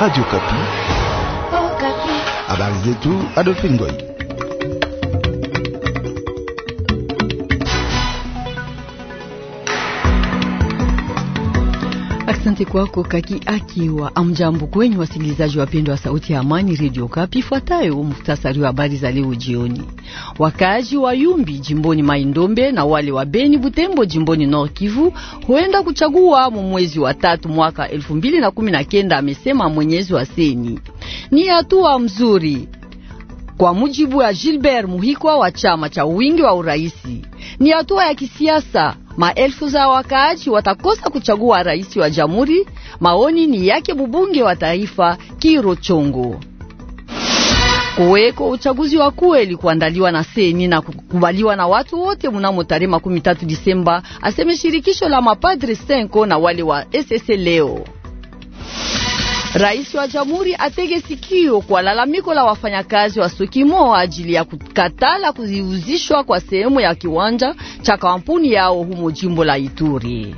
Radio Kapi. Oh, Kapi. Habari zetu Adolphe Ngoy. Asante kwako Kaki akiwa amjambo kwenyu wasikilizaji wapendwa wa Sauti ya Amani redio Kapi. Ifuatayo muhtasari wa habari za leo jioni. Wakaaji wa Yumbi jimboni Maindombe na wale wa Beni Butembo jimboni Nord Kivu huenda kuchagua mu mwezi wa tatu mwaka kenda, amesema mwenyezi wa seni. Ni hatua mzuri kwa mujibu ya Gilbert Muhikwa wa chama cha wingi wa uraisi, ni hatua ya kisiasa Maelfu za wakaaji watakosa kuchagua rais wa jamhuri. Maoni ni yake mbunge wa taifa Kiro Chongo. Kuweko uchaguzi wa kweli kuandaliwa na seni na kukubaliwa na watu wote mnamo tarehe 13 Disemba, aseme shirikisho la mapadre senko na wale wa SS leo Rais wa jamhuri atege sikio kwa lalamiko la wafanyakazi wa Sokimo ajili ya kukatala kuziuzishwa kwa sehemu ya kiwanja cha kampuni yao humo jimbo la Ituri.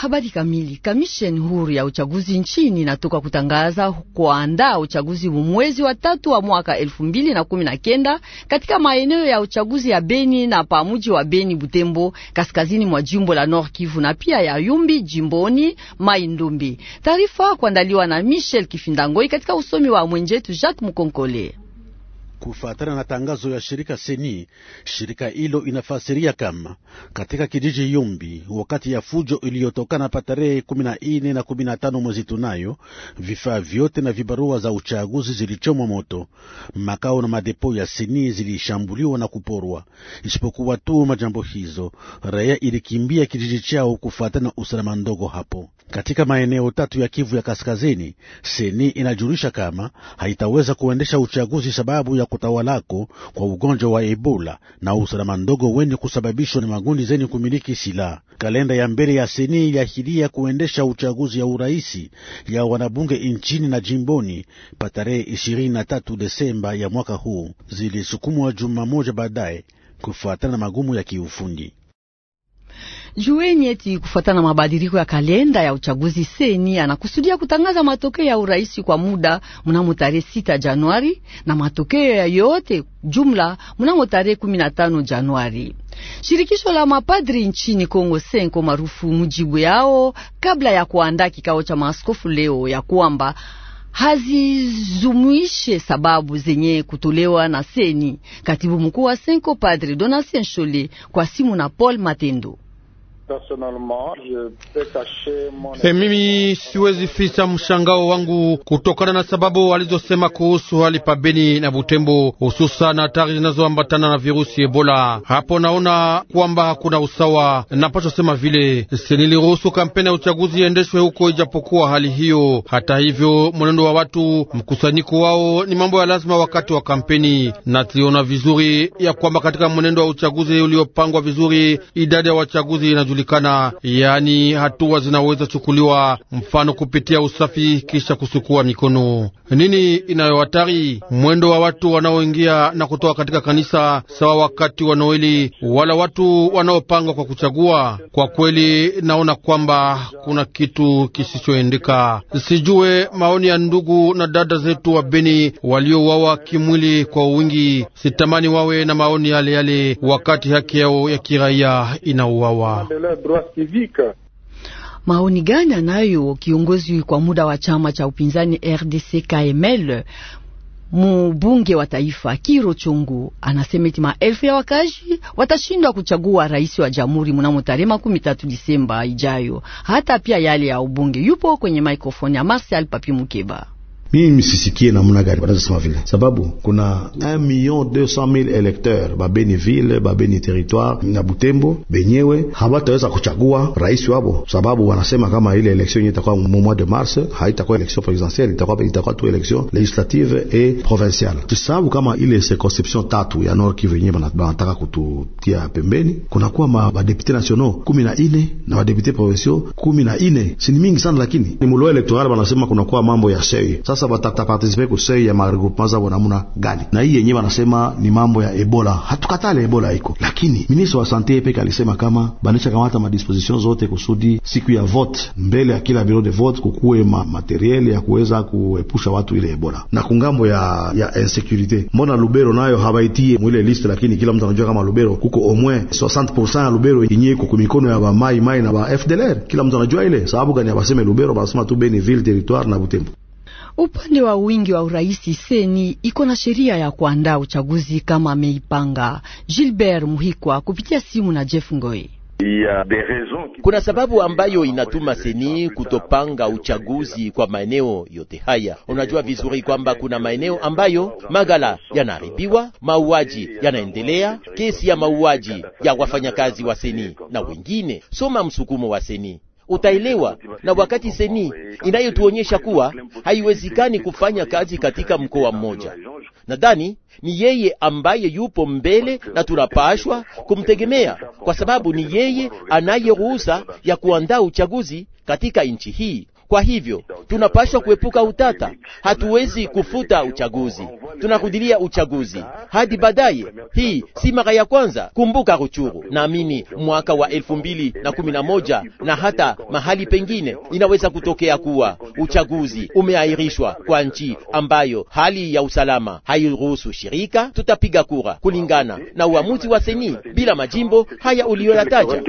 Habari kamili. Kamisheni huru ya uchaguzi nchini inatoka kutangaza kuandaa uchaguzi mwezi wa tatu wa mwaka elfu mbili na kumi na kenda katika maeneo ya uchaguzi ya Beni na pamuji wa Beni Butembo, kaskazini mwa jimbo la Nord Kivu na pia ya Yumbi jimboni Mai Taarifa kuandaliwa na Michel Kifindangoi katika usomi wa mwenjetu Jacques Mukonkole kufuatana na tangazo ya shirika Seni, shirika hilo inafasiria kama katika kijiji Yumbi, wakati ya fujo iliyotokana pa tarehe 14 na 15 mwezi tunayo, vifaa vyote na vibarua za uchaguzi zilichomwa moto. Makao na madepo ya Seni zilishambuliwa na kuporwa. Isipokuwa tu majambo hizo, raia ilikimbia kijiji chao kufuatana na usalama ndogo hapo. Katika maeneo tatu ya Kivu ya Kaskazini, Seni inajulisha kama haitaweza kuendesha uchaguzi sababu ya kutawalako kwa ugonjwa wa Ebola na usalama ndogo wenye kusababishwa na magundi zenye kumiliki silaha. Kalenda ya mbele ya seni iliahidia kuendesha uchaguzi ya uraisi ya wanabunge nchini na jimboni pa tarehe 23 Desemba ya mwaka huu, zilisukumwa juma moja baadaye kufuatana na magumu ya kiufundi. Jueni eti kufuatana na mabadiliko ya kalenda ya uchaguzi, seni anakusudia kutangaza matokeo ya urais kwa muda mnamo tarehe sita Januari na matokeo ya yote jumla mnamo tarehe 15 Januari. Shirikisho la mapadri nchini Kongo Senko marufu mujibu yao kabla ya kuandaa kikao cha maaskofu leo ya kwamba hazizumuishe sababu zenye kutolewa na seni. Katibu mkuu wa Senko Padri Donatien Shole kwa simu na Paul Matendo. E, mimi siwezi ficha mshangao wangu kutokana na sababu alizosema kuhusu hali pabeni na Butembo, hususan hatari zinazoambatana na virusi Ebola. Hapo naona kwamba hakuna usawa, napaswa sema vile seniliruhusu kampeni ya uchaguzi iendeshwe huko, ijapokuwa hali hiyo. Hata hivyo, mwenendo wa watu, mkusanyiko wao ni mambo ya lazima wakati wa kampeni, na tuliona vizuri ya kwamba katika mwenendo wa uchaguzi uliopangwa vizuri, idadi ya wachaguzi inajulika kujulikana, yaani hatua zinaweza chukuliwa, mfano kupitia usafi kisha kusukua mikono. Nini inayohatari? Mwendo wa watu wanaoingia na kutoka katika kanisa sawa wakati wa Noeli, wala watu wanaopangwa kwa kuchagua. Kwa kweli, naona kwamba kuna kitu kisichoendeka. Sijue maoni ya ndugu na dada zetu wa Beni waliowawa kimwili kwa wingi. Sitamani wawe na maoni yale yale wakati haki yao ya kiraia inauawa droit civique. Maoni gani anayo kiongozi kwa muda wa chama cha upinzani RDC KML mubunge wa taifa Kiro Chungu anasema eti maelfu ya wakazi watashindwa kuchagua rais wa jamhuri mnamo tarehe makumi tatu Disemba ijayo, hata pia yale ya ubunge. Yupo kwenye mikrofoni ya Marsial Papi Mukeba mimi misisikie namna gani wanazosema vile, sababu kuna 1 million 200 mille electeurs babeni ville babeni territoire na Butembo benyewe habataweza kuchagua rais wabo, sababu wanasema kama ile election yenyewe itakuwa mu mois de mars, haitakuwa election presidentielle, itakuwa itakuwa tu election legislative et provinciale. Tusababu kama ile circonscription tatu ya Nord Kivu yenyewe wanataka kututia pembeni, kunakuwa madepute nationaux kumi na ine na madepute provinciaux kumi na ine, si mingi sana, lakini ni mulo electoral wanasema kunakuwa mambo ya seri sasa sasa watatapartisipe kusei ya maregroupement zabo namuna gani, na hii yenye wanasema ni mambo ya Ebola. Hatukatale Ebola iko, lakini ministre wa sante peke alisema kama banisha kamata madisposition zote kusudi siku ya vote, mbele ya kila bureau de vote kukuwe ma materiel ya kuweza kuepusha watu ile Ebola. Na kungambo ya ya insecurite, mbona Lubero nayo habaitie mwile liste, lakini kila mtu anajua kama Lubero kuko au moins 60% ya Lubero yenye iko kumikono ya ba mai mai na ba FDLR. Kila mtu anajua ile sababu gani, abaseme Lubero, basema tu ville territoire na Butembo. Upande wa wingi wa uraisi seni iko na sheria ya kuandaa uchaguzi kama ameipanga. Gilbert Muhikwa kupitia simu na Jeff Ngoi. Kuna sababu ambayo inatuma seni kutopanga uchaguzi kwa maeneo yote haya. Unajua vizuri kwamba kuna maeneo ambayo magala yanaharibiwa, mauaji yanaendelea, kesi ya mauaji ya wafanyakazi wa seni na wengine. Soma msukumo wa seni utaelewa. Na wakati seni inayotuonyesha kuwa haiwezekani kufanya kazi katika mkoa mmoja, nadhani ni yeye ambaye yupo mbele na tunapashwa kumtegemea, kwa sababu ni yeye anayeruhusa ya kuandaa uchaguzi katika nchi hii. Kwa hivyo tunapaswa kuepuka utata. Hatuwezi kufuta uchaguzi, tunarudilia uchaguzi hadi baadaye. Hii si mara ya kwanza. Kumbuka Ruchuru, naamini mwaka wa elfu mbili na kumi na moja na hata mahali pengine inaweza kutokea kuwa uchaguzi umeahirishwa kwa nchi ambayo hali ya usalama hairuhusu shirika. Tutapiga kura kulingana na uamuzi wa seni bila majimbo haya uliyoyataja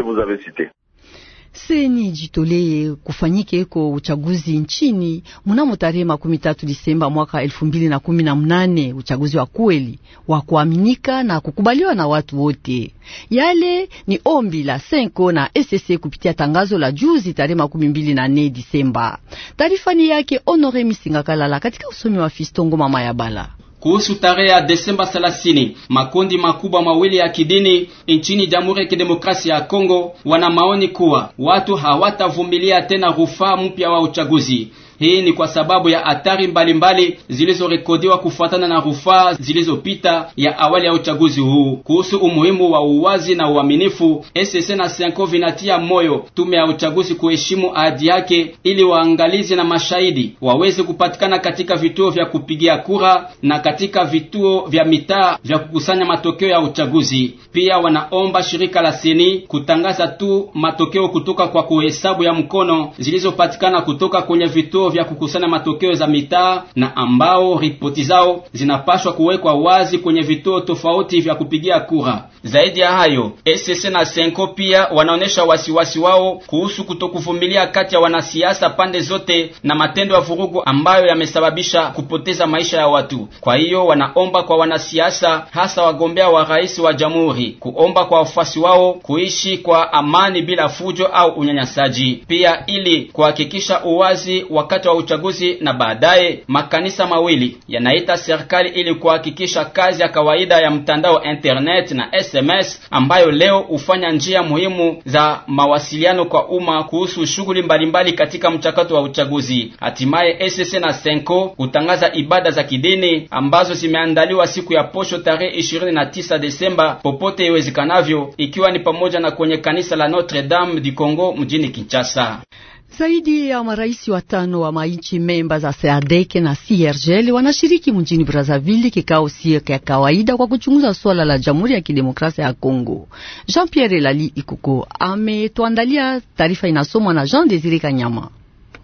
seni ijitolee kufanyike ko uchaguzi nchini mnamo tarehe makumi tatu Disemba mwaka elfu mbili na kumi na mnane, uchaguzi wa kweli wa kuaminika na kukubaliwa na watu wote. Yale ni ombi la Senko na SSC kupitia tangazo la juzi tarehe makumi mbili na nne Disemba. Taarifa ni yake Honore Misingakalala katika usomi wa Fistongo Mama ya Bala kuhusu tarehe ya Desemba 30. Makundi makubwa mawili ya kidini nchini Jamhuri ya Kidemokrasia ya Kongo wana maoni kuwa watu hawatavumilia tena rufaa mpya wa uchaguzi. Hii ni kwa sababu ya athari mbalimbali zilizorekodiwa kufuatana na rufaa zilizopita ya awali ya uchaguzi huu. Kuhusu umuhimu wa uwazi na uaminifu, SSC na Senko vinatia moyo tume ya uchaguzi kuheshimu ahadi yake, ili waangalizi na mashahidi waweze kupatikana katika vituo vya kupigia kura na katika vituo vya mitaa vya kukusanya matokeo ya uchaguzi. Pia wanaomba shirika la Seni kutangaza tu matokeo kutoka kwa kuhesabu ya mkono zilizopatikana kutoka kwenye vituo vya kukusanya matokeo za mitaa na ambao ripoti zao zinapaswa kuwekwa wazi kwenye vituo tofauti vya kupigia kura. Zaidi ya hayo, ECC na Senko pia wanaonesha wasiwasi wao kuhusu kutokuvumilia kati ya wanasiasa pande zote na matendo ya vurugu ambayo yamesababisha kupoteza maisha ya watu. Kwa hiyo wanaomba kwa wanasiasa, hasa wagombea wa rais wa jamhuri, kuomba kwa wafuasi wao kuishi kwa amani bila fujo au unyanyasaji, pia ili kuhakikisha uwazi wakati wa uchaguzi. Na baadaye makanisa mawili yanaita serikali ili kuhakikisha kazi ya kawaida ya mtandao internet na S SMS ambayo leo hufanya njia muhimu za mawasiliano kwa umma kuhusu shughuli mbalimbali katika mchakato wa uchaguzi. Hatimaye SS na Senko kutangaza ibada za kidini ambazo zimeandaliwa siku ya posho tarehe 29 Desemba popote iwezekanavyo, ikiwa ni pamoja na kwenye kanisa la Notre Dame du Congo mjini Kinshasa. Zaidi ya marais watano wa mainchi memba za SADC na CIRGL wanashiriki mjini Brazzaville kikao sio ya kawaida kwa kuchunguza swala la Jamhuri ya Kidemokrasia ya Kongo. Jean-Pierre Lali Ikuko ametuandalia taarifa inasomwa na Jean Desire Kanyama.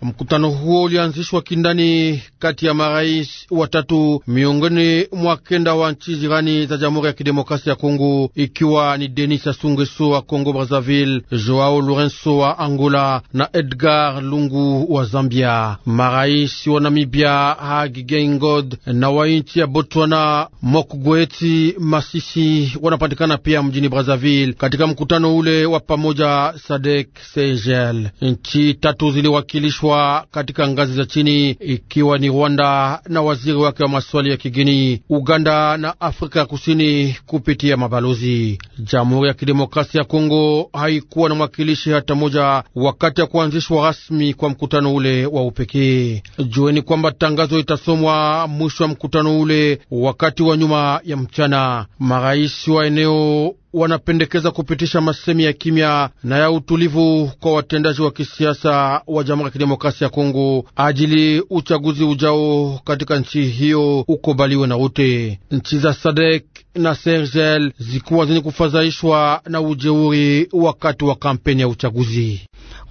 Mkutano huo ulianzishwa kindani kati ya marais watatu miongoni mwa kenda wa nchi jirani za Jamhuri ya Kidemokrasia ya Kongo, ikiwa ni Denis Sassou Nguesso wa Kongo Brazzaville, Joao lorenso wa Angola na Edgar Lungu wa Zambia. Marais wa Namibia Hage Geingob na wa nchi ya Botswana Mokgweetsi Masisi wanapatikana pia mjini Brazzaville katika mkutano ule wa pamoja Sadek Sejel. Nchi tatu ziliwakilishwa kuendeshwa katika ngazi za chini, ikiwa ni Rwanda na waziri wake wa maswali ya kigeni, Uganda na Afrika ya Kusini kupitia mabalozi. Jamhuri ya Kidemokrasia ya Kongo haikuwa na mwakilishi hata moja wakati ya kuanzishwa rasmi kwa mkutano ule wa upekee. Jueni kwamba tangazo itasomwa mwisho wa mkutano ule wakati wa nyuma ya mchana. Marais wa eneo wanapendekeza kupitisha masemi ya kimya na ya utulivu kwa watendaji wa kisiasa wa Jamhuri ya Kidemokrasia ya Kongo ajili uchaguzi ujao katika nchi hiyo ukubaliwe na wote. Nchi za Sadek na Sergel zikuwa zenye kufadhaishwa na ujeuri wakati wa kampeni ya uchaguzi.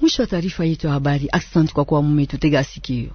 Mwisho wa taarifa yetu ya habari. Asante kwa kuwa mmetutega sikio.